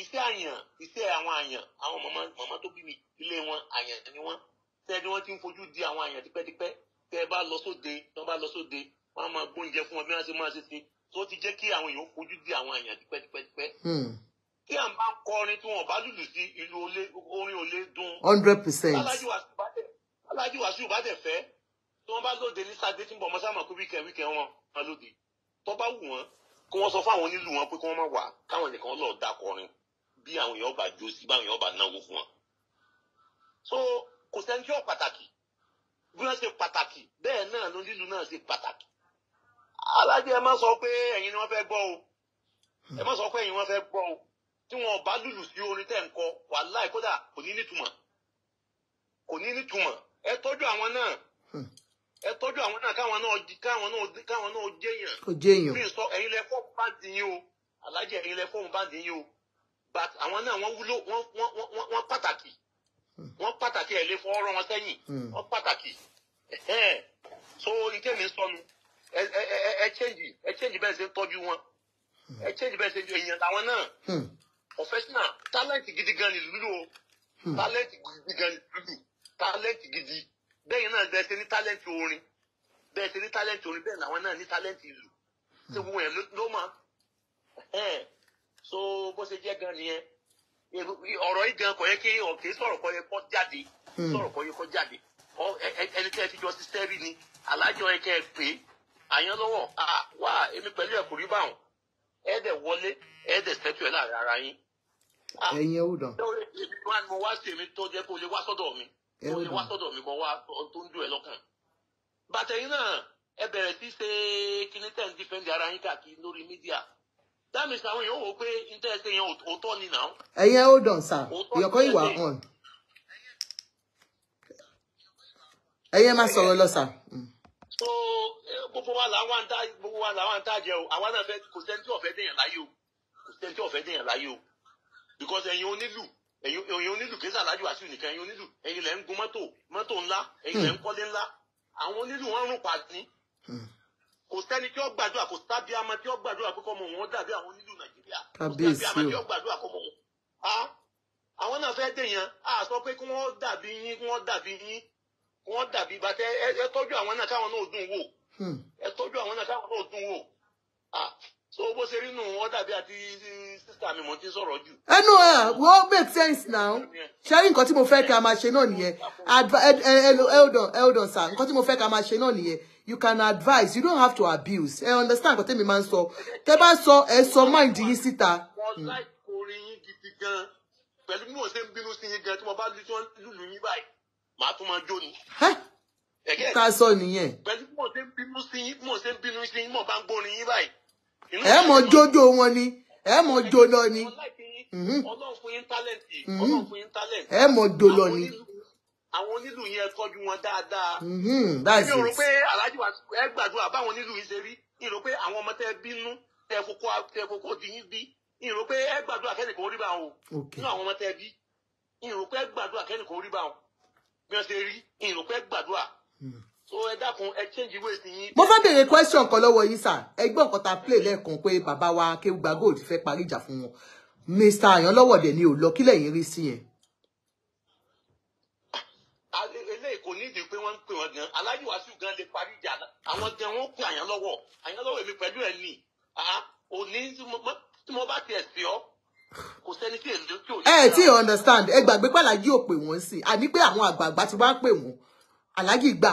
iṣẹ́ àyàn iṣẹ́ àwọn àyàn àwọn màmá tó bí mi ilé wọn àyàn ni wọ́n tẹ́ ni wọ́n ti ń fojú di àwọn àyàn tipẹ́tipẹ́ tẹ́ bá lọ sóde tọ́ bá lọ sóde wọ́n á máa gbóúnjẹ fún wọn bí wọ́n ṣe máa ṣe ṣe tó ti jẹ́ kí àwọn èèyàn fojú di àwọn àyàn tipẹ́tipẹ́tipẹ́. Hmm. kí à ń bá ń kọrin tí wọn bá lùlù sí ìlú orin olé dún. hundred percent. alájú wàásù bá dẹ̀ fẹ́ tí wọ́n bá lóde ní sáde tí ń bọ̀ ọmọ sáà mọ̀ wíkẹ̀ wíkẹ̀ wọn lóde tó bá wù wọ́n kí wọ́n sọ fáwọn onílù wọn pé kí wọ́n má wà káwọn nìkan bí àwọn èèyàn bá jó sí báwọn èèyàn bá náwó fún wọn. so kò sẹ́ni tí ó pàtàkì bí wọ́n ṣe pàtàkì bẹ́ẹ̀ náà ló lílu náà ṣe pàtàkì. alájẹ ẹ má sọ pé ẹ̀yin ni wọ́n fẹ́ gbọ́ o ẹ má sọ pé ẹ̀yin wọ́n fẹ́ gbọ́ o tí wọn bá lùlù sí orin tẹ̀ ń kọ wàláì kódà kò ní nítumọ̀ kò ní nítumọ̀ ẹ tọ́jú àwọn náà hmm. ẹ tọ́jú àwọn náà káwọn náà káwọn náà káwọn náà jẹ́yàn. kò jẹ́yàn. mi sọ ẹ̀yin lẹ fọ́ọ̀mù báńdì yín o alájẹ ẹ̀yin lẹ fọ́ọ̀mù báńdì yín o but àwọn náà wọ́n wúlò wọ́n pàtàkì wọ́n pàtàkì ẹ̀ lè fọ́ ọ̀rọ̀ wọn sẹ́yìn hmm. wọ́n pàtàkì so ìtẹ́mi sọnù ẹ change ẹ change bẹ́ẹ̀ ṣe ń tọ́jú wọn hmm. ẹ change bẹ́ẹ̀ ṣe ń ju èèyàn làwọn náà hmm. professional talent gidi gan ni lulu o talent gidi gan ni lulu talent gidi bẹ́ẹ̀ náà bẹ́ẹ̀ ṣe ní talent orin bẹ́ẹ̀ ṣe ní talent orin bẹ́ẹ̀ làwọn náà ní talent ìlú ṣé gbogbo yẹn ló máa so bó ṣe jẹ́ gan nìyẹn ọ̀rọ̀ yìí gan kò yẹ kí ọ̀kẹ́ sọ̀rọ̀ kò yẹ kó jáde hmm. sọ̀rọ̀ kò yẹ kó jáde ẹni tẹ́ ẹ ti jọ sí sẹ́rí ni alájọ yẹ kẹ́ ẹ pé àyànlọ́wọ́ wà èmi pẹ̀lú ẹ̀kú rí báwọn ẹ dẹ̀ wọlé ẹ dẹ̀ sẹ́tù ẹ̀ láàrin ara yín. ẹ̀yin ẹ wù dàn. èmi wá ni mo wá sí èmi tó jẹ́ kó lè wá sọ́dọ̀ mi kó lè wá sọ́dọ̀ mi kó wá tó ń dùn ẹ lọ́kàn. bàtẹ̀yìn náà ẹ bẹ̀rẹ̀ sí ṣe kíní tẹ̀ ara yín káàkiri lórí mídíà that means àwọn èèyàn wò pé interest yẹn òótọ́ ni now. ẹ̀yin hold on sir call you ìwà on ẹ̀yin máa sọ̀rọ̀ lọ sir. Mm. so gbogbo wa làwọn ń tá gbogbo wa làwọn ń tá jẹ o àwa náà fẹ́ kò sẹ́ni tí ó fẹ́ dèèyàn láyé o kò sẹ́ni tí ó fẹ́ láyé o because ẹ̀yin onílù ẹ̀yin onílù kí sàlájú àṣù nìkan ẹ̀yin onílù ẹ̀yin lẹ́ ń gun mọ́tò mọ́tò ńlá ẹ̀yin lẹ́ ń hmm. kọ́lé ńlá àwọn onílù wọn rún pàdé kò sẹ́ni tí ó gbàdúrà kò sábí ama tí ó gbàdúrà pé kọ́mọ wọn dàbí àwọn onílù nàìjíríà kò sábí ama tí ó gbàdúrà kọ́mọ wọn. àwọn náà fẹ́ dèèyàn á sọ pé kí wọ́n dàbí yín kí wọ́n dàbí yín kí wọ́n dàbí bàtẹ́ ẹ tọ́jú àwọn náà káwọn náà dùn wò hmm. ẹ tọ́jú àwọn náà káwọn náà dùn wò so bó ṣe rí nù eh, ẹnu ẹ wọ́n make sense now ṣe rí nǹkan tí mo fẹ́ ká máa ṣe náà nìyẹn eldon eh, eh, eldon sir nǹkan tí mo fẹ́ ká máa ṣe náà nìyẹn you can advise you don't have to abuse ẹ understand nǹkan tẹ́mi máa ń sọ tẹ́ bá sọ ẹ sọ mind yín síta. Hmm. pẹ̀lú bí mo ṣe ń bínú sí yín gan tí mo bá lùlù yín báyìí màá tún máa jó ni ká sọ nìyẹn. pẹ̀lú bí mo ṣe ń bínú sí yín bí mo ṣe ń bínú sí yín mo bá ń gbórin yín báyìí ẹ mọ jójó wọn ni ẹ mọ jó lọ ni ọlọ́run fún yín tálẹ̀ǹtì mhm. ọlọ́run fún mhm. ẹ mọ jó lọ ni àwọn onílù yẹn tọ́jú wọn dáadáa. Mhm. mi ò rò pé aláàjì wa ẹ gbàdúrà báwọn onílù yìí ṣe rí mi rò pé àwọn ọmọ tẹ bínú tẹ kókó tẹ kókó di yín bí mi rò pé ẹ gbàdúrà kẹ́ni kò rí bá wọn o nínú àwọn ọmọ tẹ bí mi rò pé ẹ gbàdúrà kẹ́ni kò rí bá wọn bí wọ́n ṣe rí mi rò pé ẹ gbàdúrà hmm mo fẹ́ béèrè question kan lọ́wọ́ yín sà ẹgbẹ́ ọ̀kọ́ta play lẹ́ẹ̀kan pé bàbá wa Kéwúgba Gold fẹ́ parí ìjà fún wọn Mr. Àyànlọ́wọ̀dẹ̀ ni ò lọ kí lẹ́yìn rí sí yẹn. eléyìí kò nídìí pé wọ́n ń pè wọ́n tí mo bá tiẹ̀ sí understand ẹ gbàgbé pàlàjì ò pè wọ́n sí àní pé àwọn àgbààgbà ti wá pè wọ́n aláàjì gbà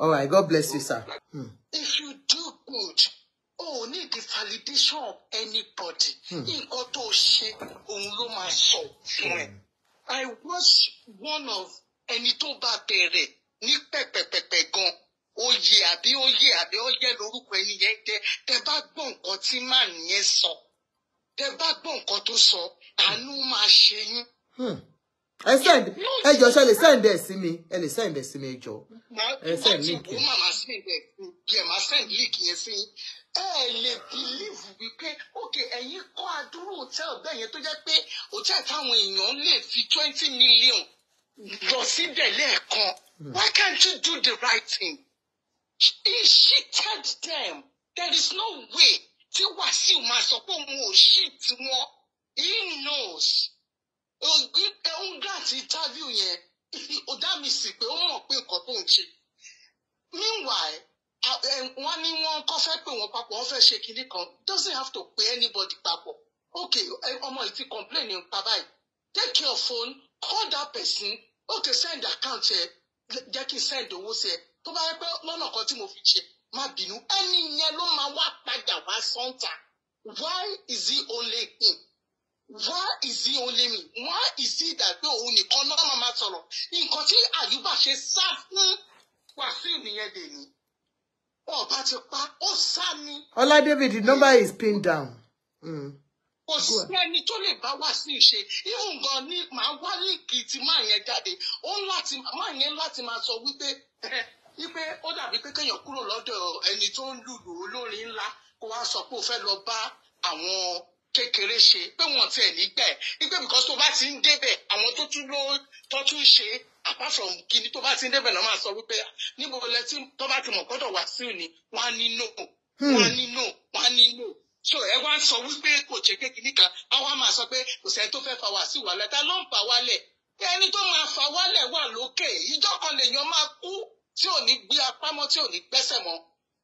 all right god bless you sir. Hmm. if you do good oh, need the validation of anybody hmm. nǹkan tó ṣe òun ló máa hmm. i was one of any tó bá ni pepe pepe gan oyè àbí oyè àbí oyè lórúkọ ẹni yẹn jẹ tẹ bá gbọ́ nǹkan tí màá yẹn sọ tẹ bá gbọ́ nǹkan tó sọ àánú máa ṣe Hmm ẹ send ẹ jọ ṣe lè send ẹ sí mi ẹ lè send ẹ sí mi ẹ jọ ẹ send link yẹn. màá send ẹ yẹn màá send link yẹn sí yín ẹ lè bìlíìfù wípé òkè ẹ̀yin kọ́ àdúró hòtẹ́ẹ̀lì bẹ́ẹ̀ yẹn tó jẹ́ pé hòtẹ́ẹ̀lì táwọn èèyàn lè fi twenty million lọ síbẹ̀ lẹ́ẹ̀kan hmm. why can't you do the right thing? he cheated them there is no way tí Wàsíù máa sọ pé òun ò ṣì tí he knows ẹ̀hún gbà tí interview yẹn ó dá mi sí pé ó mọ̀ pé nǹkan tó ń ṣe meanwhile eh, wọ́n ní wọ́n kọ́ fẹ́ pè wọ́n papọ̀ wọ́n fẹ́ ṣe kinní kan doesn't have to pay anybody papọ̀ okay eh, ọmọ yìí ti complain nípa báyìí take your phone call that person okay send account ẹ jẹ́ kí n send owó sí ẹ tó bá yẹ pé lọ́nà kan tí mo fi ṣe má bínú ẹni yẹn ló máa wá padà wá sọ́ńtà why is he only him? why is he only me why is he that pé òun nìkan náà máa máa sọ̀rọ̀ nǹkan tí àyùbá ṣe sá fún wàsíù nìyẹn dè ní ọba ti pa ó sá ni. ọlá david the number is pinned down. Mm kò sí ẹni tó lè bá wá sí ìṣe ihun gan ni màá wá líǹkì tí máa yẹn jáde ó láti máa yẹn láti máa sọ wípé wípé ó dàbí pé kéèyàn kúrò lọ́dọ̀ ẹni tó ń lùlù olórin ńlá kó wá sọ pé ó fẹ́ lọ bá àwọn kékeré ṣe pé wọn tiẹ̀ nígbà ẹ̀ nígbà because tó bá ti ń débẹ̀ àwọn tó tún ló tó ṣe apart from kini tó bá ti ń débẹ̀ náà máa sọ wípé ah, níbo lẹ tí tó bá ti mọ̀ kọ́dọ̀ wá sí òní wọn á ní no wọn á hmm. ní no wọn á ní no so ẹ wá ń sọ wípé kò ṣe kékeré kan àwa máa sọ pé kò sẹ́ni tó fẹ́ fa wá sí wàhálà ta ló ń fa wálẹ̀ ẹni tó máa fa wálẹ̀ wà lókè ìjọ́ kan lèèyàn máa kú tí ò ní gbé apámọ́ tí ò ní gbẹ́sẹ̀ mọ́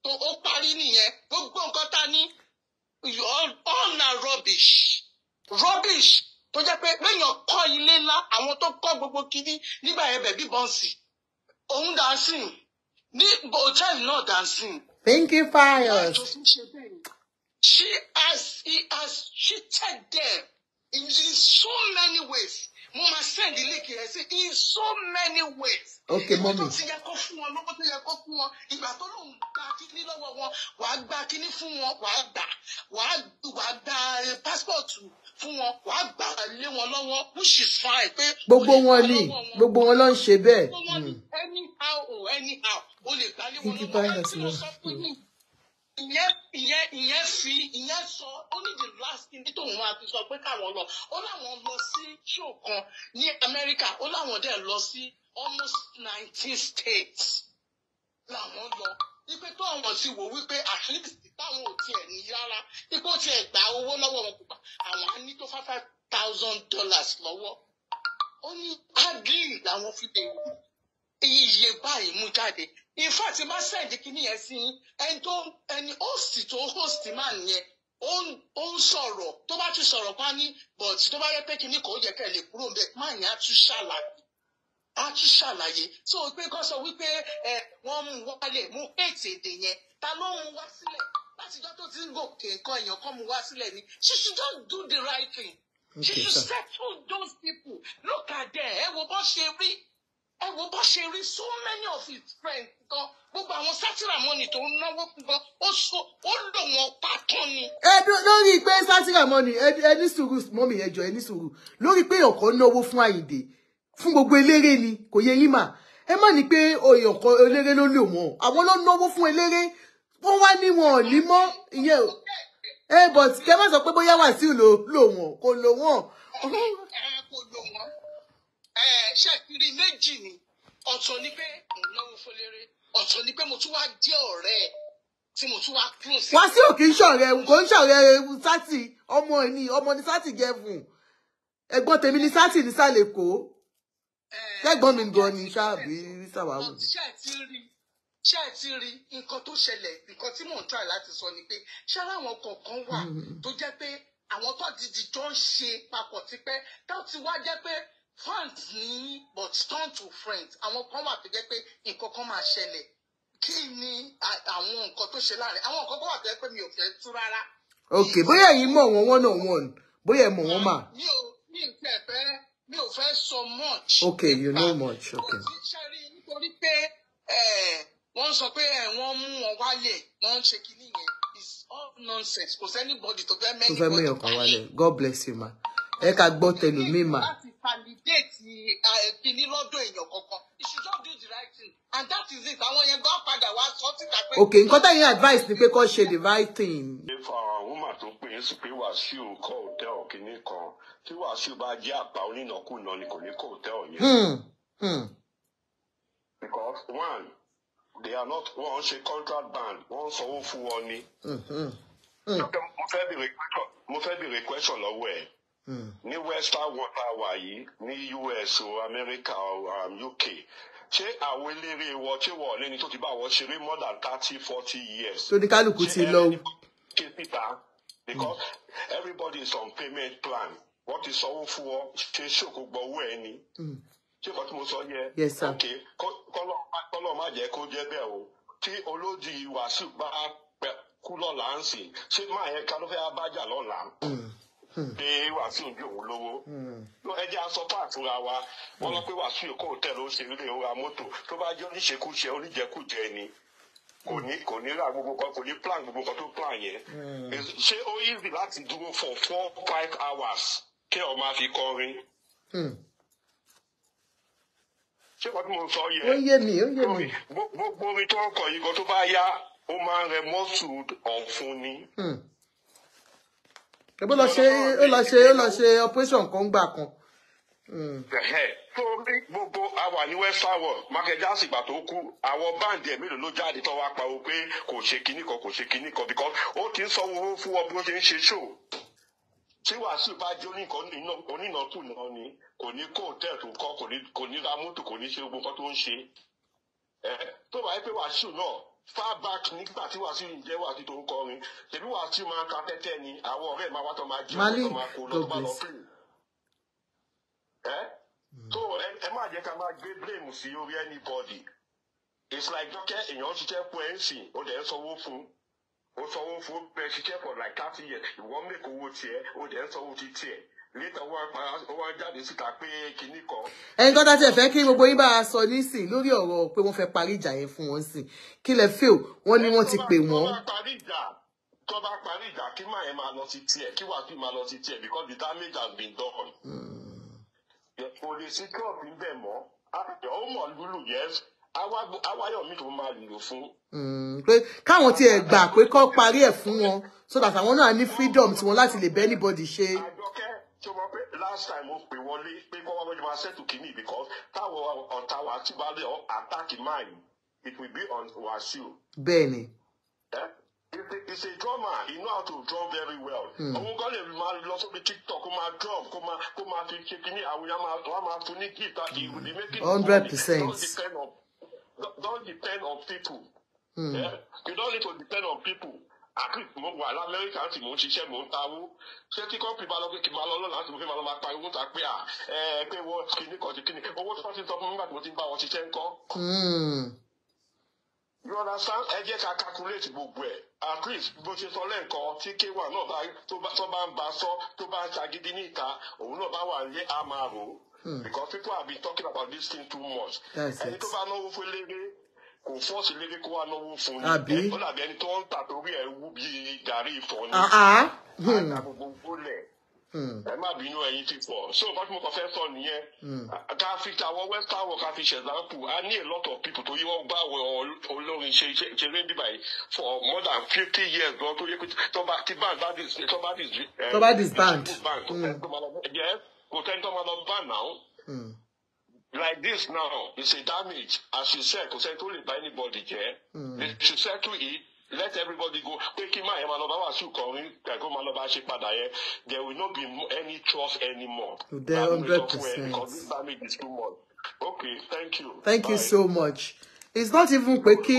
tó ó parí nìyẹn gbogbo nǹkan ta ní all, all na rubbish rubbish tó jẹ́ pé lẹ́yìn ọkọ ilé ńlá àwọn tó kọ́ gbogbo kínní nígbà yẹn bẹ̀ bíbọn sí òun dancing ní hòtẹ́ẹ̀lì náà dancing. pinky fires. she has he has cheated them in so many ways send ilé kiri ẹ sí in so many ways. ok mọ́mí. ìgbà tó ti yẹ kó fún wọn lọ́wọ́ tó yẹ kó fún wọn ìgbà tó lóun gba kíní lọ́wọ́ wọn wàá gba kíní fún wọn wàá gbà wàá gba eh, passport fún wọn wàá gbà lé wọn lọ́wọ́ which is fine pé. gbogbo wọn ni gbogbo wọn ló ń ṣe bẹ́ẹ̀. gbogbo wọn ni hmm. anyhow o oh, anyhow o lè gbà lé wọn kí ló sọ fún mi ìyẹn ìyẹn ìyẹn fi ìyẹn sọ ó ní the last thing tí tòun máa ti sọ pé káwọn lọ ó láwọn lọ sí show kan ní Amẹ́ríkà ó láwọn dẹ̀ lọ sí almost nineteen states làwọn lọ wípé tó àwọn ti wò wípé at least táwọn ò tiẹ̀ ní rárá wípé ó tiẹ̀ gba owó lọ́wọ́ wọn kò gbà àwọn á ní tó five five thousand dollars lọ́wọ́ ó ní agri làwọn fi lè iye báyìí mú jáde in fact má send kíní yẹn sí ẹni tó ẹni host tó host máa nìyẹn ó ń sọ̀rọ̀ tó bá tún sọ̀rọ̀ pa ní but tó bá yẹ pé kíní kò yẹ kẹ́ lè kúrò ń bẹ̀ máa yẹn á tún ṣàlàyé á tún ṣàlàyé so pé kọ́ sọ wípé ẹ wọ́n mú wálé mú ètè èdè yẹn ta ló mú wá sílẹ̀ látijọ́ tó ti ń gòkè nǹkan èèyàn kan mú wá sílẹ̀ ni she should just do the right thing okay, she should settle those people look at them ẹ wo bó ṣe rí ẹ wo bó ṣe rí so many of his friends gan gbogbo àwọn sátìràmọ́nì tó ń náwó gan ó so ó lò wọ́n pátán ni. ẹ lórí pé sátìràmọ́nì ẹ ní sùúrù mọ́mì ẹ jọ̀ọ́ ẹ ní sùúrù lórí pé ọ̀kọ́ náwó fún àyìndé fún gbogbo eléré ni kò yẹ yín mà ẹ má ní pé òyìn ọ̀kọ́ eléré ló lò wọ́n àwọn ló náwó fún eléré wọ́n wá ní wọn ò ní mọ́ ìyẹn ẹ bọ̀ kẹ má sọ pé bóyá wàsíù lò wọ́n kò lò wọ́n. ẹ ṣẹ́kiri méjì ni ọ̀tọ̀ ni pé mo náwó fọlẹ́rẹ́ ọ̀tọ̀ ni pé mo tún wá jẹ́ ọ̀rẹ́ ẹ̀ tí mo tún wá close. Wàsíù kì í ṣọ̀rẹ́ kò ń ṣọ̀rẹ́ sátì ọmọ ẹni ọmọ ni sátì gẹ̀ẹ́fùn ẹ̀gbọ́n tèmi ni sátì nísàlẹ̀ kó ẹ̀gbọ́n mi gan ni ṣáàbí sàwáwù. ṣé ẹ ti rí ṣé ẹ ti rí nǹkan tó ṣẹlẹ̀ nǹkan tí mò ń try láti sọ ni pé ṣáárá àwọn kọ̀ọ̀kan wà mm-hmm. tó jẹ́ pé àwọn tó ti dìjọ́ ń ṣe papọ̀ tipẹ́ tó ti wá jẹ́ pé friend ní but turn to friends. àwọn kan wà tó jẹ́ pé nǹkan kan máa ṣẹlẹ̀ kí ni àwọn nǹkan tó ṣe láàrin àwọn nǹkan kan wà tó jẹ́ pé mi ò fẹ́ tú rárá. ok bóyá yìí mọ̀ wọ́n one on one bóyá ẹ̀ mọ̀ wọ́n mà. mi ò mi ò fẹ́ fẹ́ mi ò fẹ́ sọ much. ok you know much ok. ṣẹ́rí nítorí pé wọ́n sọ pé wọ́n mú wọn wálé wọ́n ń ṣe kinní yẹn it's all nonsense kò sẹ́ni bọ́dì tó fẹ́ mẹ́rin bọ́dì wálé. tó fẹ́ mẹ́rin ọkàn wálé god bless you ma ẹ ká gbọ́ tẹlumi ma. láti validate eh, kìíní lọ́dọ̀ èèyàn kankan you should just do the right thing and that is it àwọn yẹn gan padà wá sọ síta pé. ok nǹkan tẹ̀yìn advice ni pé kó ṣe the right thing. if our woman tó pè é pé wàsíù kọ́ hotel kìíní kan tí wàsíù bá jẹ́ àpá onínàkúnà ni kò ní kọ́ hotel yẹn. Hmm, hmm. because one they are not wọ́n ṣe contract band wọ́n sanwó fún wọn ni. Hmm, mo fẹ́ bèrè question lọ́wọ́ ẹ̀ ní western water wà yìí ní US o America o um, UK ṣé àwọn eléré wọ ṣé wọ lẹni tó ti bá wọ ṣeré more than thirty forty years. tó ní kálukú ti lọ. ṣé ẹni because mm. everybody is on payment plan wọ́n ti sanwó fún ọ ṣe ṣòkò gbọ́ owó ẹ ni mm. ṣé kò tí mo sọ yẹ ok kọlọ má jẹ́ kó jẹ́ bẹ́ẹ̀ o tí olódì Wàsíù bá kú lọ́la ń sìn ṣé máa yẹ ká abájà lọ́la. Mm pé wàásù ń bí òun lówó ẹjẹ aṣọ páàtì ra wa wọn lọ pé wàásù yìí kò tẹ̀ ló ṣe ilé ó ra mọ́tò tó bá jẹ́ oníṣekúṣe oníjẹkújẹ ni kò ní kò ní ra gbogbo kan kò ní plan gbogbo kan tó plan yẹn ṣé ó easy láti dúró for four five hours kí ọ máa fi kọrin ṣé wọ́n ti mọ̀ sọ yẹ. ó yé mi ó yé mi. gbogbo orin tó ń kọ yìí kan tó bá yá ó máa ń rẹ mọ́tò ọ̀fun ni. Hmm ẹgbẹ́ lọ ṣe ó lọ ṣe ó lọ ṣe operation kan gbà kan. Hmm. torí gbogbo àwa ní west tower mákẹ́jà àsìgbà tó kú àwọn báǹdì ẹ̀mí ló jáde tó wá pé kò ṣe kinní kan kò ṣe kinní kan because ó ti ń sanwó fún wọn bí wọ́n ṣe ń ṣe show tí wàásù bá jẹ́ onínàkúnà ni kò ní kó hòtẹ́ẹ̀lì tó kọ́ kò ní ra mọ́tò kò ní ṣe gbogbo nǹkan tó ń ṣe tó bá yẹ pé wàásù náà far back nígbà tí Wasiu ń jẹ́ Wasiu tó ń kọrin ṣèbí Wasiu máa ka tẹ́tẹ́ ni àwọn ọ̀rẹ́ máa wá tó máa jẹun tó máa kó lọ́dún bá lọ pè é tó ẹ má jẹ́ ká máa gbé blame sí orí anybody it's like jọ́kẹ́ èèyàn ṣiṣẹ́ pọ̀ ẹ̀ ń sìn ó dẹ̀ ń sanwó fún ó sanwó fún ó bẹ ṣiṣẹ́ for like thirty years ìwọ́n mẹ́kọ̀ọ́ owó tiẹ̀ ó dẹ̀ ń sanwó ti tiẹ̀ níta ó wá jáde síta pé kinní kan. ẹni tó dájú ẹ fẹ́ kí gbogbo yín bá a sọ nísìn lórí ọ̀rọ̀ pé wọ́n fẹ́ parí ìjà yẹn fún wọn sí kí lẹ fíò wọ́n ní wọ́n ti pè wọ́n. tó bá parí ìjà kí máa yẹn máa lọ sí tiẹ̀ kí wàá fi máa lọ sí tiẹ̀ because the damage has been done. Hmm. kò lè ṣe trump ń bẹ̀ mọ́ ó mọ̀ lulu yẹn awáyọ̀ mi tó máa lò fún. Hmm. pé káwọn tiẹ̀ gbà pé kó parí ẹ̀ fún wọn so that àwọn náà ní freedom tiwọn láti lè bẹ́ anybody ṣe. àjọkẹ́ last time ó pè wọlé pé kọ́ wọ́n máa settle kínní because táwọn ọ̀tá wa ti bá lè attack mine it will be on Wasiu. bẹ́ẹ̀ni. Eh? It's a drummer. He know how to draw very well. Hmm. Òun kọ́ lè máa lọ sórí TikTok kó máa drum kó máa kó máa fi ṣe kínní àwọn yàrá máa máa fún ní he will be making money. hundred percent. Don't depend on don't depend on people. Mm. Yeah? You don't need to depend on people àti mo wà lamẹ́ríkà tí mò ń ṣiṣẹ́ mò ń tawó ṣé kí kọ́ńpì bá lọ pé kí n máa lọ lọ́la láti mo fẹ́ máa lọ máa pa owó ta pé à ẹ pé wọ́n kìíní kan ti kìíní owó tí wọ́n ti sọ fún mi nígbà tí mo ti ń bá wọn ṣiṣẹ́ ńkọ́. Hmm. yọ̀ọ̀dà sán ẹ jẹ́ ká calculate gbogbo ẹ̀ at least bó ṣe sọ lẹ́ǹkan tí k1 náà tó bá ń ba sọ tó bá ń ṣagídí ní ìta òun náà bá wà ní àmàrò hmm. because people have been talking about this thing too much ẹni tó bá náwó fún eléré kò fọ́ọ̀sì lédè kó wá náwó fún un ó dàbí ẹni tó ń tà torí ẹ̀ wú bí gàrí ìfọ̀ ni àgbàgbogbo ah, ah. hmm. lẹ̀ hmm. ẹ má bínú ẹ̀yin ti pọ̀ so nǹkan tí fẹ́ sọ nìyẹn hmm. ká fi tàwọn western world ká fi ṣẹ̀dáǹpù i need a lot of people tó yí wọ́n gbà wọ olórin ṣe ṣeré bíbà yìí for more than fifty years gan tó yẹ pé tọ́ba ti band bá dis tọ́ba dis. Eh, tọ́ba dis band. kò ban tó máa lọ band náà like this now it's a damage as you said kò sẹ́ni tó lè bá anybody jẹ́ hmm. they said to it let everybody go pé kí máa yẹn máa lọ bá wà sí kẹkọọ máa lọ bá ṣe padà yẹn there will not be any trust anymore. to dey hundred percent because this damage is too much. okay thank you. thank Bye. you so much. it's not even pé kí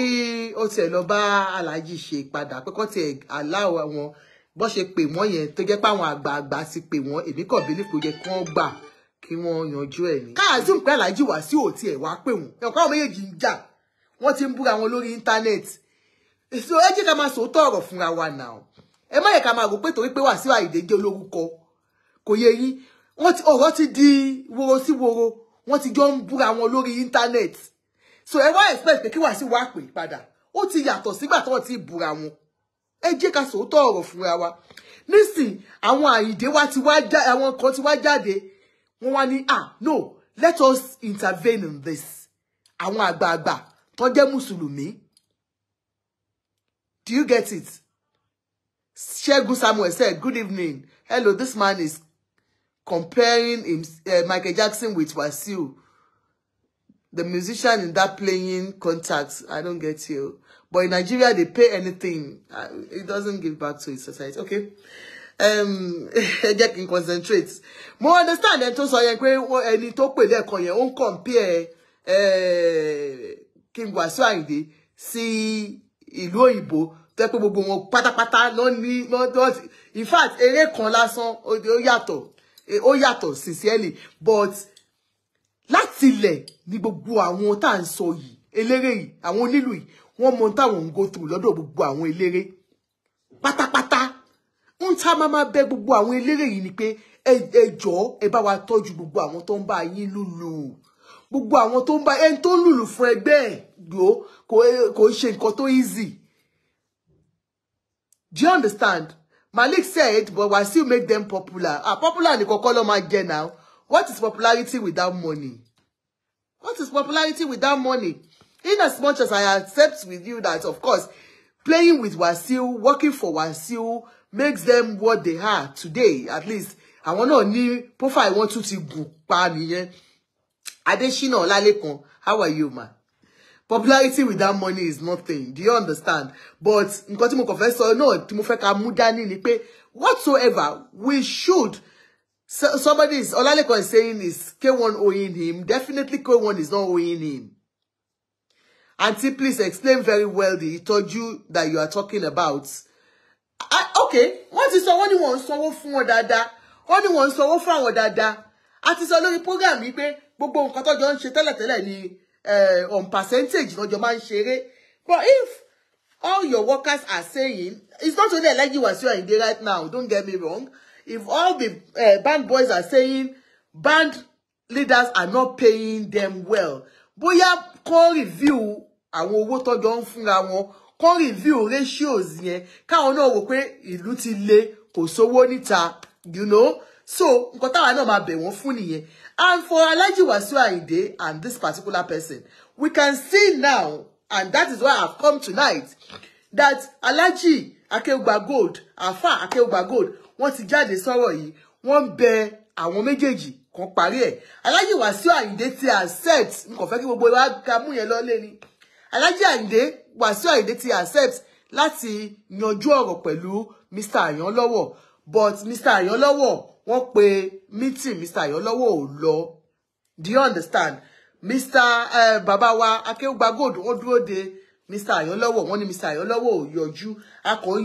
ó tiẹ̀ lọ bá aláàjì ṣe padà pé kó tiẹ̀ aláwọ̀ wọn bó ṣe pè wọ́n yẹn tó jẹ́ pé àwọn àgbààgbà ti pè wọ́n èmi kàn bí nípò yẹ kí wọ́n gbà kí wọ́n yanjú ẹ̀ ní. káàzú pé aláàjì wá sí òtí ẹ̀ wá pè wọ́n ẹ̀kọ́ àwọn méjèèjì ń jà wọ́n ti ń búra wọn lórí íńtánẹ́ẹ̀tì èso ẹ jẹ́ ká máa sòótọ́ ọ̀rọ̀ fúnra wa náà ẹ má yẹ ká máa rò pé torí pé Wàsíù Àyìndé jẹ́ olórúkọ kò yẹ yín ọ̀rọ̀ ti di woro sí woro wọ́n ti jọ ń búra wọn lórí íńtánẹ́ẹ̀tì so ẹ wá expect pé kí Wàsíù wá pè padà ó ti yàtọ̀ sígbà tó ti búra wọn ẹ jẹ́ ká sòótọ́ ọ̀rọ̀ fúnra wa nísìn àwọn Àyìndé wa ti wá jáde àwọn kan ti wá jáde wọ́n wá ní ah no let us intervene in this àwọn àgbààgbà tó jẹ́ mùsùlùmí do you get it Ṣẹ́gun Samuel said good evening hello this man is comparing him, uh, Michael Jackson with Wasiu the musician in that playing contacts I don't get you but in Nigeria they pay anything uh, it doesn't give back to his society okay. Um, jẹ́ kí n concentrate mo understand ẹni tó sọ yẹn pé ẹni tó pè lẹ́ẹ̀kan yẹn ó ń compare King Wasiu Ayinde sí ìlú òyìnbó tó yẹ pé gbogbo wọn pátápátá náà ní in fact eré kan lásán ó yàtọ̀ ó yàtọ̀ sincerely but láti ilẹ̀ ni gbogbo àwọn tá à ń sọ yìí eléré yìí àwọn onílù yìí wọ́n mọ táwọn ń go through lọ́dọ̀ gbogbo àwọn eléré pátápátá ohun tá máa máa bẹ gbogbo àwọn eléré yìí ni pé ẹ jọ̀ọ́ ẹ bá wa tọ́jú gbogbo àwọn tó ń bá yín lùlù gbogbo àwọn tó ń bá ẹni tó ń lùlù fún ẹgbẹ́ ẹ̀ dùn kò ṣe nǹkan tó easy do you understand Malik said but Wasiu make them popular ah popular ni kọ́kọ́ ló máa jẹ now what is popularity without money what is popularity without money in as much as I accept with you that of course playing with Wasiu working for Wasiu makes them what they are today at least àwọn náà ní profile wọn tún ti gùn pa nìyẹn Adesina Olalekan? how are you ma popularity without money is nothing do you understand but nǹkan tí mo kàn fẹ́ sọ náà tí mo fẹ́ ká mú dání ni pé whatsoever we should somebody is Olalekan is saying is K1 owing him definitely K1 is not owing him aunty please explain very well the ìtọ́jú that you are talking about okay wọ́n ti sọ wọ́n ní wọ́n ń sanwó fún wọn dáadáa wọ́n ní wọ́n ń sanwó fún àwọn dáadáa a ti sọ lórí program yìí pé gbogbo nǹkan tọ́jọ́ ń ṣe tẹ́lẹ̀tẹ́lẹ̀ ni eh, on percentage lọ́jọ́ máa ń ṣeré but if all your workers are saying it's not only Alhaji Wasiu Ayinde right now don't get me wrong if all the uh, band boys are saying band leaders are not paying them well bóyá kó review àwọn owó tọ́jọ́ ń fúnra wọn kán review ratios yẹn káwọn náà wò pé ìlú ti le kò sówó níta you know so nǹkan táwa náà ma be wọ́n fún nìyẹn and for Alhaji Wasiu Ayinde and this particular person we can see now and that is why I've come tonight that Alhaji Akeugba Gold Afa Akeugba Gold wọ́n ti jáde sọ̀rọ̀ yi, wọ́n be àwọn méjèèjì kan parí ẹ̀ Alhaji Wasiu Ayinde ti accept n kò fẹ́ kí gbogbo wa ka mú yẹn lọ́lé ni Alhaji Ayinde Wasiu Ayinde ti accept láti yanjú ọ̀rọ̀ pẹ̀lú Mr. Ayanlowo but Mr. Ayanlowo wọ́n pe meeting Mr. Ayanlowo ò lọ do you understand Mr. Uh, bàbá wa akéwùgbà dúró de Mr. Ayanlowo wọ́n ní Mr. Ayanlowo ò yọjú a kò ń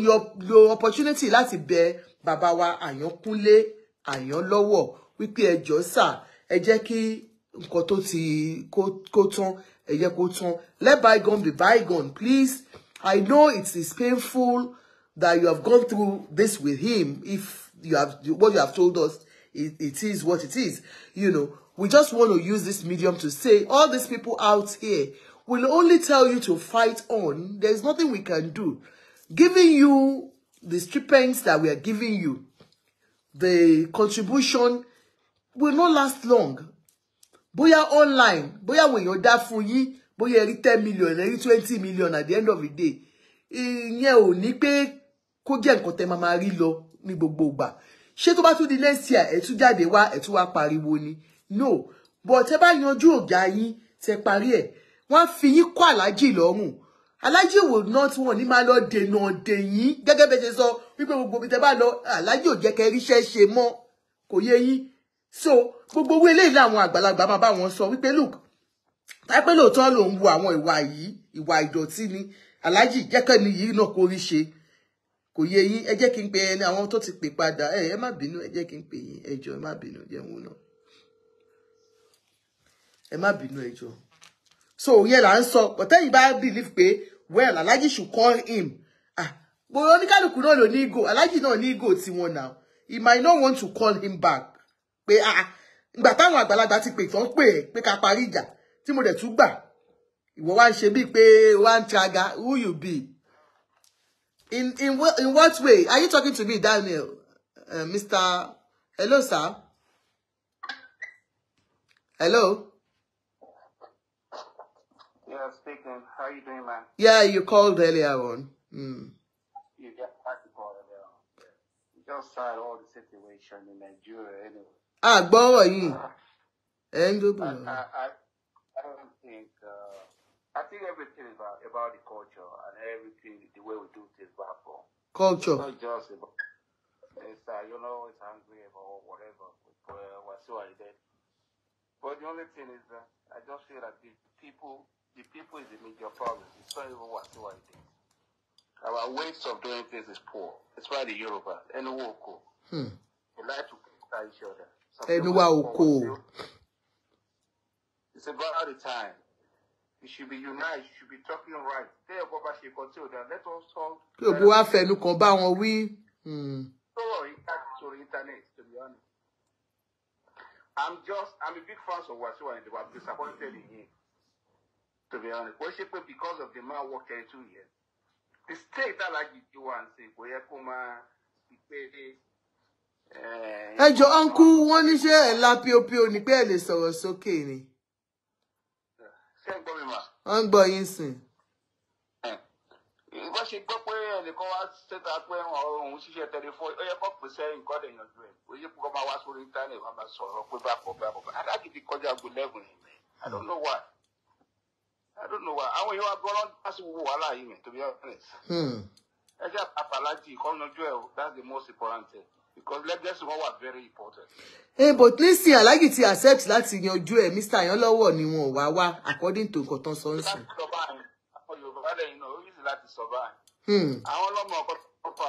lo opportunity láti bẹ Babawa wa Àyànkúnlé Àyànlọ́wọ́ wípé ẹjọ́ sà ẹ jẹ́ kí nǹkan tó ti kó tán ẹ jẹ́ kó let bygone be bygone please i know it is painful that you have gone through this with him if you have what you have told us it, it is what it is you know we just want to use this medium to say all these people out here will only tell you to fight on There is nothing we can do giving you the stipends that we are giving you the contribution will not last long bóyá online bóyá àwọn èèyàn that fún ye, bóyá ẹ rí ten million ẹ rí twenty million at the end of the day ìyẹn o ní pé kó jẹ́ nǹkan tẹ́ máa máa rí lọ ní gbogbo ìgbà ṣé tó bá tún di next year ẹ̀ tún jáde wá ẹ̀ tún wá pariwo ni no but tẹ́ bá yanjú ọ̀gá yín tẹ́ parí ẹ̀ wọ́n á fi yín kọ́ aláàjì lọ́rùn aláàjì wò náà tí wọ́n ní máa lọ dènà dè yín gẹ́gẹ́ bẹ́ẹ̀ ṣe sọ wípé gbogbo ibi tẹ́ bá lọ aláàjì ò jẹ́ kẹ́ ríṣẹ́ ṣe mọ́ kò yé so gbogbo owó eléyìí làwọn àgbàlagbà máa bá wọn sọ wípé look táìpé lóòótọ́ lòun wo àwọn ìwà yìí ìwà ìdọ̀tí ni aláàjì jẹ́kẹ́ ni yìí náà kò rí ṣe kò yé yín ẹ jẹ́ kí n pe ẹni àwọn tó ti pè padà ẹ ẹ má bínú ẹ jẹ́ kí n pe yín ẹ jọ̀ọ́ ẹ má bínú jẹun náà ẹ má bínú ẹ jọ̀ọ́ so yẹn là ń sọ bọ̀tẹ́yìn bá believe pé well aláàjì should call him ah gbogbo oníkálukú náà ló ní ego aláàjì náà ní ego tiwọn now he might not want to call him back pé ah, ah ìgbà táwọn àgbàlagbà ti pè tán pè é pé ká parí ìjà tí mo dẹ̀ tún gbà ìwọ wá ń ṣe bíi pé wá ń traga who you be in in what in what way are you talking to me Daniel uh, eh, Mr hello sir hello. Yeah, speaking. How are you doing, man? Yeah, you called earlier on. Mm. You just had to call earlier on. You just saw all the situation in Nigeria anyway. àgbọ́rọ̀ yìí you. ń dóbò lọ. Uh, I think everything is about, about the culture and everything, the way we do things back home. Culture. It's not just about, it's, uh, you know, it's angry about whatever, whatsoever it is. But the only thing is that I just feel that the people, the people is the major problem. It's not even whatsoever it is. Our ways of doing things is poor. It's why the Europeans and the Woko, hmm. they like to criticize each other. ẹnu wa ò kò. It's about the time. You should be united. You should be talking right. Tẹ́ ẹ̀kọ́ bá ṣe kan tí ò Let us talk. Kí ògbó wa fẹnu kan bá wọn wí. Sọ̀rọ̀ yìí sórí íńtánẹ́ẹ̀tì to be honest. I'm just I'm a big fan of Wasiu Ayinde. I'm disappointed in him to be honest. Wọ́n ṣe pé because of the man work there two years. The state alájí ju wa want to kò yẹ Eh. ẹjọ ọńkú wọn níṣẹ ẹ la ní pé ẹ lè sọ̀rọ̀ sókè ni. ṣé ń yín sìn. Eh. ìgbà ṣe gbọ́ pé ẹnìkan wá ṣẹ́ta pé òun ṣiṣẹ́ tẹlifọ́ ó yẹ kó pè sẹ́yìn kọ́ lè yanjú ẹ̀ ó yẹ kó máa wá sórí íńtánẹ̀tì wá máa sọ̀rọ̀ pé bákọ̀ bákọ̀ adágídí kọjá gbólẹ́gùn ni I don't know why I don't know why àwọn èèyàn wa gbọ́dọ̀ lásìkò wàhálà yìí mi to be honest. Hmm. ẹ jẹ́ àpàlájì kọ́ yanjú ẹ̀ o that's the most important thing because legacy wọn wà very important. ẹ bò nísìnyí aláàjì ti accept láti yanjú ẹ mr ayanlọwọ ni wọn ò wá wá according to nǹkan tán sọnsìn. láti sọba àwọn yorùbá lẹ́yìn náà ó yìí láti sọba hmm. àwọn ọlọ́mọ ọkọ tó fà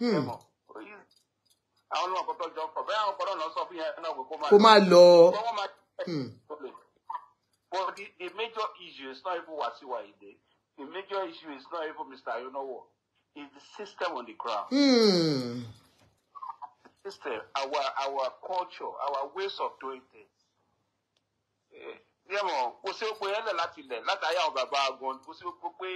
hmm. ó ẹmọ ó yìí àwọn ọlọ́mọ ọkọ tó jọ fọ bẹ́ẹ̀ àwọn ọkọ náà sọ fún yẹn náà pé kó máa lọ. kó máa lọ. Hmm. but the, the major issue is not even wasiwa ide the major issue is not even mr ayanlọwọ is the system on the ground. Hmm system, our our culture, our ways of doing things. Ní eh, ẹ̀mọ̀, kò sí gbogbo ẹlẹ̀ láti ilẹ̀ látàyà àwọn bàbá agan, kò sí gbogbo pé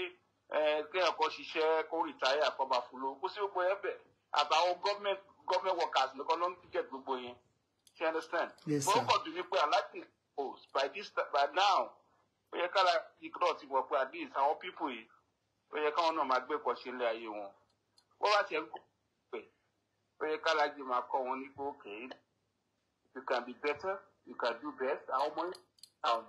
eh, kéèyàn kan ṣiṣẹ́ kó rìtáyà kan máa fún lówó, kò sí gbogbo ẹbẹ̀ àtàwọn government government workers nìkan ló ń get gbogbo yẹn. You understand? Yes, sir. But ó kàn dùn ní pé aláàtì post by this by now, ó yẹ ká la ìkúrọ̀ ti wọ̀ pé at least àwọn people yìí, ó yẹ káwọn náà máa gbé kọ́ ṣe ilé ayé wọn. Wọ́n bá tiẹ̀ ń kọ́ ó yẹ kálájì máa kọ́ wọn nípa òkè you can be better you can do best àwọn ọmọ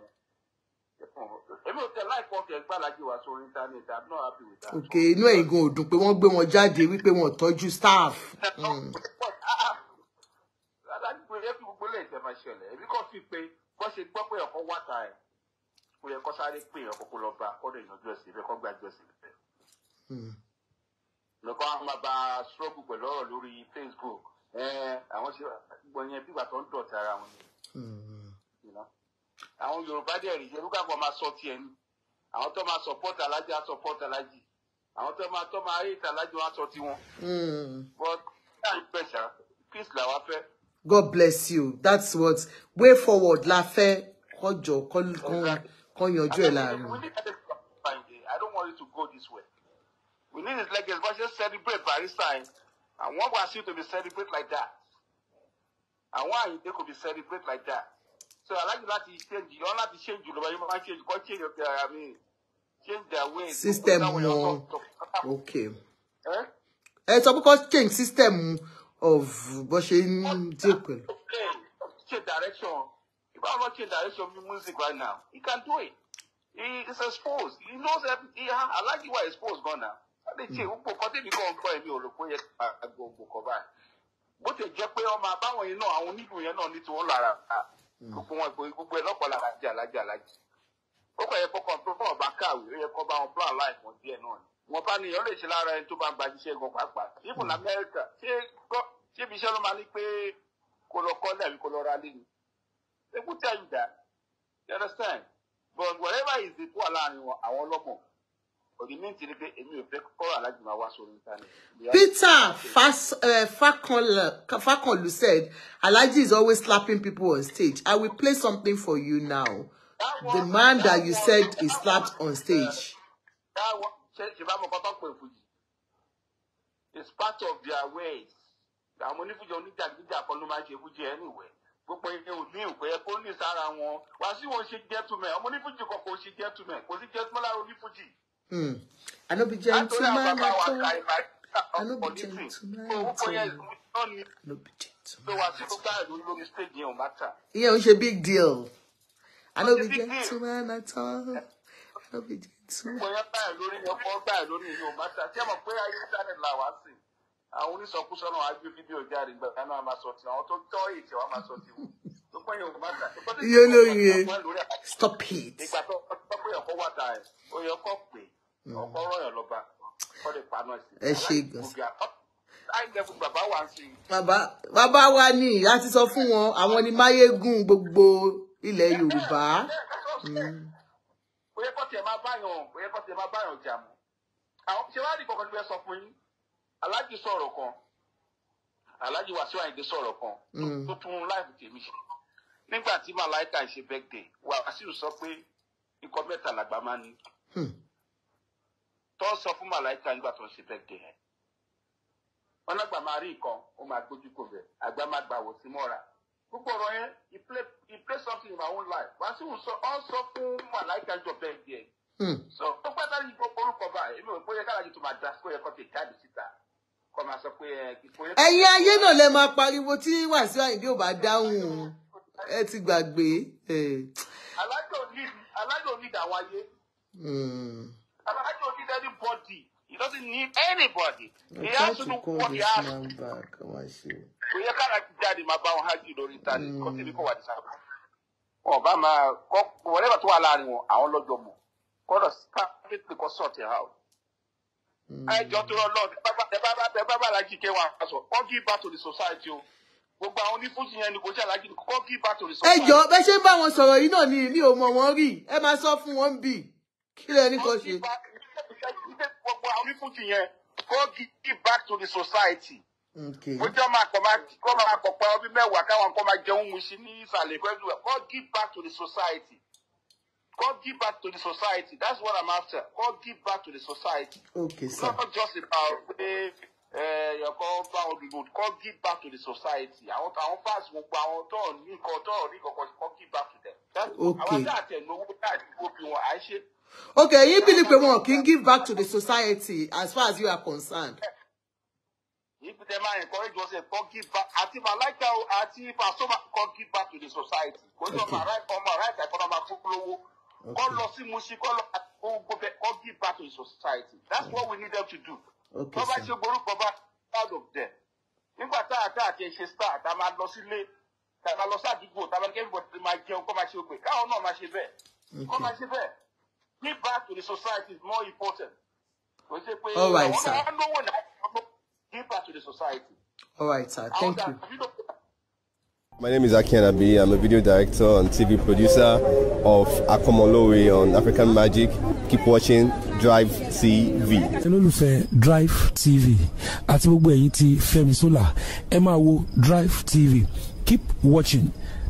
yìí àwọn ọmọ èmi ò tẹ láìpọ ọkẹ gbàlájì wá sórí internet i'm not happy with that. òkè inú ẹ̀yìn gan pé wọ́n gbé wọn jáde wípé wọn tọ́jú staff. alájú hmm. pé ebi gbogbo lè tẹ máa ṣẹlẹ̀ èmi kàn fi pé bó ṣe gbọ́ pé ọkọ wà ta ẹ̀ kó yẹ kó sáré pé ọkọ kó lọ bá kó lè yanjú ẹ̀sìn bẹ́ẹ̀ kó gbàjú ẹ̀sìn bẹ́ẹ̀ nǹkan àwọn máa bá struggle pẹ̀lú lórí Facebook àwọn ṣe gbọ̀n yẹn bí ìgbà ń dọ̀tí ara wọn ni hmm. àwọn Yorùbá dẹ̀ rí yorùbá máa sọ tiẹ̀ ni àwọn tó máa support alájà support alájì àwọn tó máa tó máa rí ìtàlájì wọn sọ tiwọn hmm. but náà ń pẹ̀sà peace làwa fẹ́. God bless you that's what way forward la fẹ́ kọjọ kọyanjú ẹ̀ láàrin. I don't want you to go this way. We need his legacy, but just celebrate Barrister yẹn. I want Wasiu to be celebrate like that. I want Ayinde to be celebrate like that. So I like láti change yọ láti change lọ́wọ́ you máa change kọ́ change ọ̀kẹ́ I mean, Change their way. System wọn. Okay. Eh? Ẹ sọ pé kọ́ change system of bó ṣe ń Change direction. If I want change direction of music right now, he can do it. He is exposed. He knows everything. I like you are exposed gan now lè ṣe gbogbo nǹkan tèmi kàn gbọ́ èmi ò rò pé yẹ àgbo gbogbo kan báyìí bó ti jẹ́ pé ọmọ abáwọn yẹn náà àwọn onídùn yẹn náà ní tiwọn lára gbogbo wọn ìgbòho gbogbo ẹ lọ́pọ̀ lára jẹ́ alájẹ́ alájẹ́ ó kàn yẹ kó kàn tó bọ̀ bá kàwé ó yẹ kó bá wọn plan láì wọn díẹ̀ náà ni wọn bá nìyẹn ó lè ṣe lára ẹni tó bá gba iṣẹ́ gan pàápàá even hmm. Amẹ́ríkà ṣé gbọ́ ṣé ibi iṣẹ́ ló máa ní pé kó lọ kọ́ náà àbí kó lọ ra lé ni they go tell you that you understand but whatever is the poor láàrin wọn àwọn ọlọ́mọ Peter, ni pé èmi ò fẹ́ kọ́rọ̀ eh, said Alhaji is always slapping people on stage I will play something for you now the man that you said is slapped on eh, stage. ṣé ìbámu kọ́ tó pè fún yìí it's part of their ways àwọn onífújẹ oníjàgídíjà kan ló máa ń ṣe fújẹ anywhere gbogbo ilé òní ìpè kó ní sára wọn wàásù wọn ṣe gentleman ọmọ onífújì kan kò ṣe gentleman kò sí gentleman lára onífújì. I know be gentleman at all. I know be gentleman at all. No be gentleman. Yeah, it's a big deal. I know be gentleman at all. I know be gentleman. àwọn onísọkúsọ náà á gbé fídíò jáde gbà kánú àmà sọtì àwọn tó tọ́ ètè wàá máa sọtì wò tó pẹ́ yóò má ta. yóò lóye stop it. ìgbà tó pẹ́ ọkọ̀ wà ta ẹ̀ ó yẹ kó pè é. Mm. ọkọ rọyàn lọba kọ́dé paná sí i. ẹ bàbá wa ni a ti sọ fún wọn àwọn ni máyégún gbogbo ilẹ̀ Yorùbá. Mm. bóyá kọ́tì ẹ̀ máa báyàn bóyá kọ́tì ẹ̀ máa báyàn jà mọ́ àwọn ṣé wàá rí kankan tí wọ́n sọ fún yín aláàjì sọ̀rọ̀ kan aláàjì Wàsíù Àyìndé sọ̀rọ̀ kan tó mm. tún láìpẹ́ tèmi ṣe nígbà tí màláìka ṣe bẹ́ẹ̀ dé Wàsíù sọ pé nǹkan mẹ́ta làgbà máa ní tó sọ fún màláìka nígbà tó ń ṣe bẹ́ẹ̀ dé yẹn wọn náà gbà máa rí nǹkan ó máa gbójú kò bẹ̀ àgbà máa gbà wò sí mọ́ra gbogbo ọ̀rọ̀ yẹn he play something in my own life wá sí sọ ọ́ sọ fún màláìka jọ bẹ́ẹ̀ dé yẹn hmm. so ó pátá ní gbogbo orúkọ báyìí èmi ò bóyá kára ju tó máa da sí bóyá kọ́ ti jáde síta kọ́ máa sọ pé eh, ẹ. ẹ̀yin ayé náà lẹ máa pariwo tí Wàsíù Àyìndé ò bá dáhùn ẹ ti gbàgbé. Eh. alájọ ní alájọ ní ìdáwọ́ ayé. Hmm. Kalarachi don't need anybody. He doesn't need anybody. I'm he has to know what he has. Back. I want you. We are Kalarachi daddy, my bow, how you don't return. Because he will ọba máa kọ wọlébà mm. tó wà láàrin wọn àwọn lọ́jọ́ mọ kọdọ sáfìtì nìkan sọọtì ha o. Mm. ẹjọ tó lọ lọ ẹ bá bá alájí kẹ wà sọ wọn kì í bá tòlì society o gbogbo àwọn onífúnṣin yẹn ni kò sí alájí kọ kì í bá tòlì society. ẹ jọ bẹ ṣe ń bá wọn sọ̀rọ̀ yìí náà ni mi ò mọ̀ wọ́n rí ẹ máa sọ fún wọn bí kí lẹ́ni kan ṣe. gbogbo àwọn onífúnjì yẹn go give back to the society. mo jẹ́ ọmọ àkọ́má kọ́ máa kọ̀pọ̀ ọdún mẹ́wàá káwọn kọ́ máa jẹun mu sí ní ìsàlẹ̀ pẹ̀lú ẹ̀ go give back to the society. go give back to the society that's what i'm after go give back to the society. okay sir. not just about pé ẹ̀yọ̀kọ́ bá wọn dìbò go give back to the society àwọn àwọn fans gbogbo àwọn tó ní nǹkan tó ní nǹkan kan go give back to them. That's okay àwọn dáàtẹ̀ lówó dáàtẹ̀ gbogbo wọn à ń ṣe. Okay, you believe one can give back to the society as far as you are concerned. If the man encourage yourself, eh, come give back. Àti Malaika o, àti Fasoma, come give back to the society. Kò On my right, on my right, I put lówó. Kọ́ lọ sí Musi, kọ́ lọ gbogbo bẹ́ẹ̀, come give back to the society. That's what we need them to do. Okay. Wọ́n bá ṣe gbórúkọ bá out of them. Nígbà tá a tá a ti ṣe star, tá a I'm at sílé, tá a máa I'm sí àdúgbò, tá a máa ní kí everybody máa jẹun, kọ́ máa ṣe ògbè. Káwọn náà máa ṣe bẹ́ẹ̀. Kọ́ máa ṣe bẹ́ẹ̀ give back to the society is more important. All right, sir. Give back to the society. All right, sir. Thank you. My name is Aki Abi. I'm a video director and TV producer of Akomolowe on African Magic. Keep watching Drive TV. Olólùfẹ́ Drive TV àti gbogbo ẹ̀yin tí Fẹ́mi Sola ẹ máa wo Drive TV. Keep watching